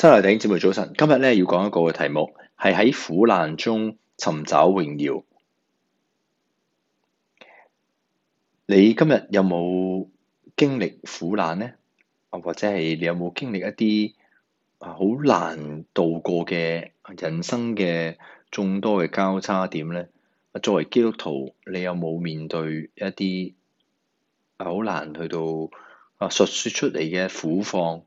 新來鼎姐妹早晨，今日咧，要講一個嘅題目，係喺苦難中尋找榮耀。你今日有冇經歷苦難咧？或者係你有冇經歷一啲啊好難度過嘅人生嘅眾多嘅交叉點咧？作為基督徒，你有冇面對一啲好難去到啊述說出嚟嘅苦況？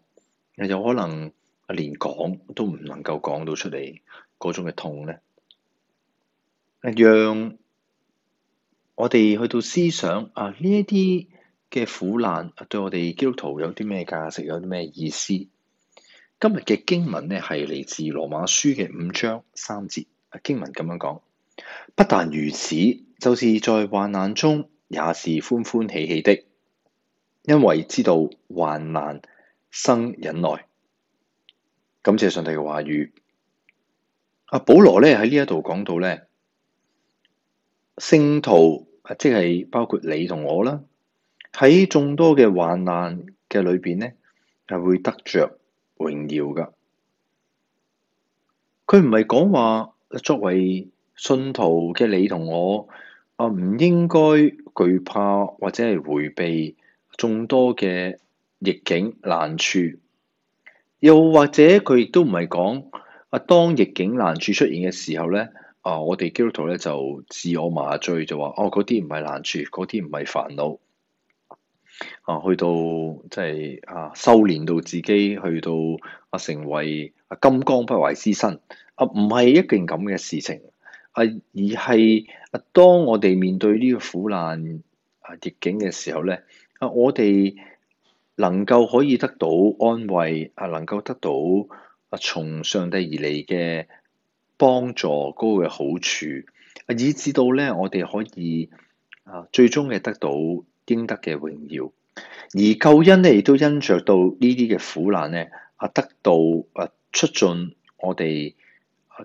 你就可能？啊，連講都唔能夠講到出嚟嗰種嘅痛呢，讓我哋去到思想啊，呢一啲嘅苦難對我哋基督徒有啲咩價值，有啲咩意思？今日嘅經文呢，係嚟自羅馬書嘅五章三節，經文咁樣講，不但如此，就是在患難中也是歡歡喜喜的，因為知道患難生忍耐。感謝上帝嘅話語。阿、啊、保羅咧喺呢一度講到咧，聖徒即係包括你同我啦，喺眾多嘅患難嘅裏邊咧，係會得着榮耀噶。佢唔係講話作為信徒嘅你同我啊，唔應該懼怕或者係回避眾多嘅逆境難處。又或者佢亦都唔係講啊，當逆境難處出現嘅時候咧，啊，我哋基督徒咧就自我麻醉就話哦，嗰啲唔係難處，嗰啲唔係煩惱啊，去到即係、就是、啊，修煉到自己去到啊，成為啊金剛不壞之身啊，唔係一件咁嘅事情啊，而係啊，當我哋面對呢個苦難啊逆境嘅時候咧啊，我哋，能夠可以得到安慰啊，能夠得到啊從上帝而嚟嘅幫助，高嘅好處，啊以至到咧我哋可以啊最終嘅得到應得嘅榮耀，而救恩呢，亦都因着到呢啲嘅苦難咧啊，得到啊促進我哋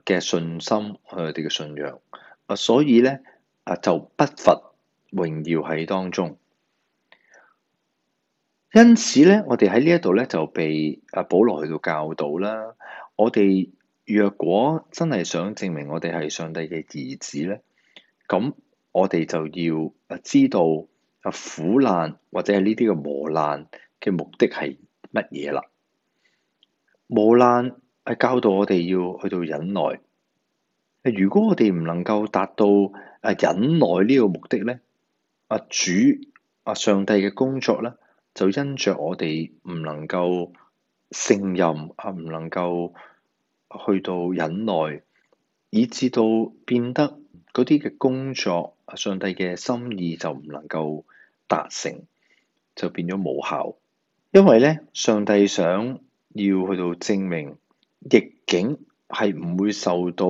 嘅信心，我哋嘅信仰啊，所以咧啊就不乏榮耀喺當中。因此咧，我哋喺呢一度咧，就被阿保羅去到教導啦。我哋若果真係想證明我哋係上帝嘅兒子咧，咁我哋就要啊知道啊苦難或者係呢啲嘅磨難嘅目的係乜嘢啦。磨難係教導我哋要去到忍耐。如果我哋唔能夠達到啊忍耐呢個目的咧，啊主啊上帝嘅工作咧。就因着我哋唔能夠勝任啊，唔能夠去到忍耐，以至到變得嗰啲嘅工作，上帝嘅心意就唔能夠達成，就變咗無效。因為咧，上帝想要去到證明逆境係唔會受到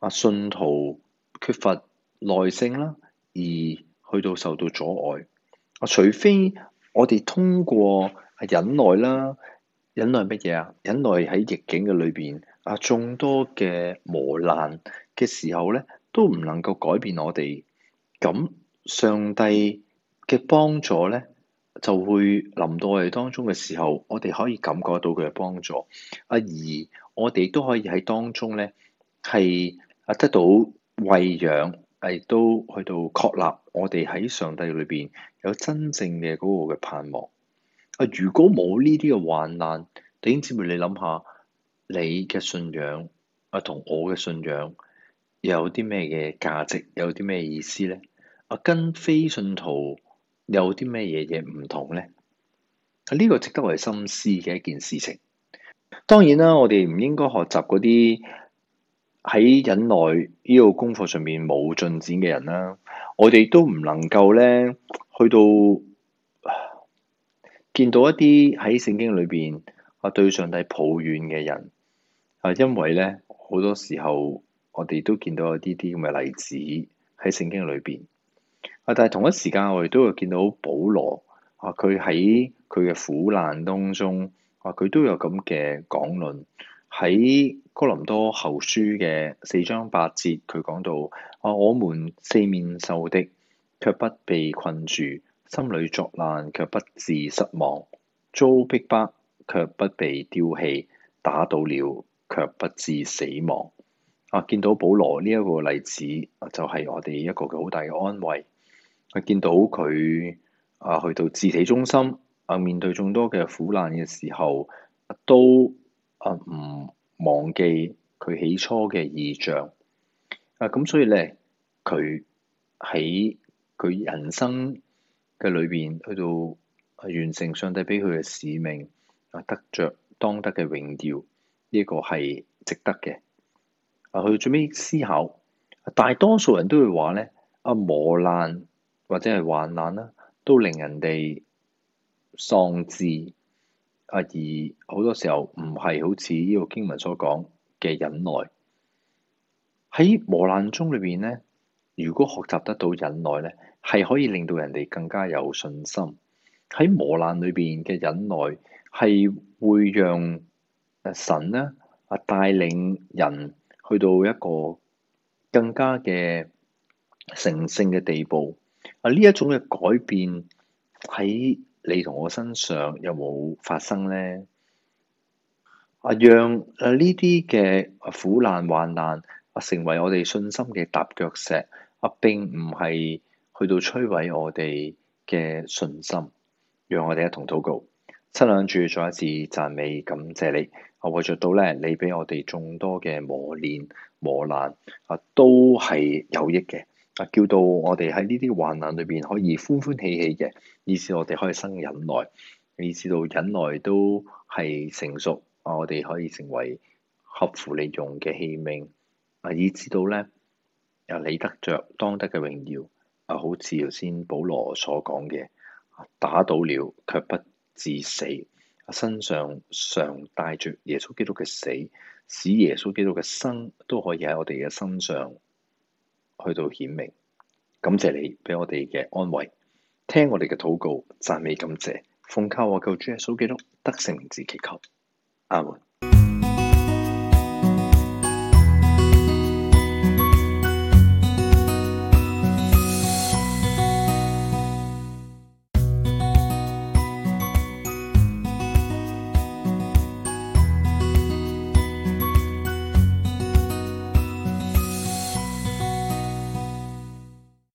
啊，信徒缺乏耐性啦，而去到受到阻礙，啊，除非。我哋通過忍耐啦，忍耐乜嘢啊？忍耐喺逆境嘅裏邊啊，眾多嘅磨難嘅時候咧，都唔能夠改變我哋，咁上帝嘅幫助咧就會臨到我哋當中嘅時候，我哋可以感覺到佢嘅幫助啊，而我哋都可以喺當中咧係啊得到餵養。係都去到確立，我哋喺上帝裏邊有真正嘅嗰個嘅盼望。啊，如果冇呢啲嘅患難，弟兄姊妹，你諗下，你嘅信仰啊同我嘅信仰有啲咩嘅價值，有啲咩意思咧？啊，跟非信徒有啲咩嘢嘢唔同咧？啊，呢個值得我哋深思嘅一件事情。當然啦，我哋唔應該學習嗰啲。喺忍耐呢個功課上面冇進展嘅人啦，我哋都唔能夠咧去到見到一啲喺聖經裏邊啊對上帝抱怨嘅人啊，因為咧好多時候我哋都見到一啲啲咁嘅例子喺聖經裏邊啊，但係同一時間我哋都會見到保羅啊，佢喺佢嘅苦難當中啊，佢都有咁嘅講論。喺哥林多後書嘅四章八節，佢講到啊，我們四面受敵，卻不被困住；心裏作難，卻不致失望；遭逼迫，卻不被丟棄；打倒了，卻不致死亡。啊，見到保羅呢一個例子，就係、是、我哋一個好大嘅安慰。啊，見到佢啊，去到自體中心，啊面對眾多嘅苦難嘅時候，啊、都～啊！唔忘記佢起初嘅異象啊，咁所以咧，佢喺佢人生嘅裏邊去到啊，完成上帝俾佢嘅使命啊，得着當得嘅榮耀，呢個係值得嘅。啊，佢最尾思考，大多數人都會話咧，啊磨難或者係患難啦，都令人哋喪志。啊！而好多時候唔係好似呢個經文所講嘅忍耐，喺磨難中裏邊咧，如果學習得到忍耐咧，係可以令到人哋更加有信心。喺磨難裏邊嘅忍耐係會讓神咧啊帶領人去到一個更加嘅成聖嘅地步。啊！呢一種嘅改變喺～你同我身上有冇發生呢？啊，讓呢啲嘅苦難患難啊，成為我哋信心嘅踏腳石啊，並唔係去到摧毀我哋嘅信心。讓我哋一同禱告，親兩住再一次讚美感謝你啊，為著到咧，你畀我哋眾多嘅磨練磨難啊，都係有益嘅。啊！叫到我哋喺呢啲患難裏邊可以歡歡喜喜嘅，以至我哋可以生忍耐，以至到忍耐都係成熟。啊！我哋可以成為合乎理用嘅器皿。啊！以至到咧，又理得着當得嘅榮耀。啊！好似頭先保羅所講嘅，打倒了卻不致死。啊！身上常帶着耶穌基督嘅死，使耶穌基督嘅生都可以喺我哋嘅身上。去到顯明，感謝你畀我哋嘅安慰，聽我哋嘅禱告，讚美感謝，奉靠我救主耶穌基督得聖靈之祈求，阿門。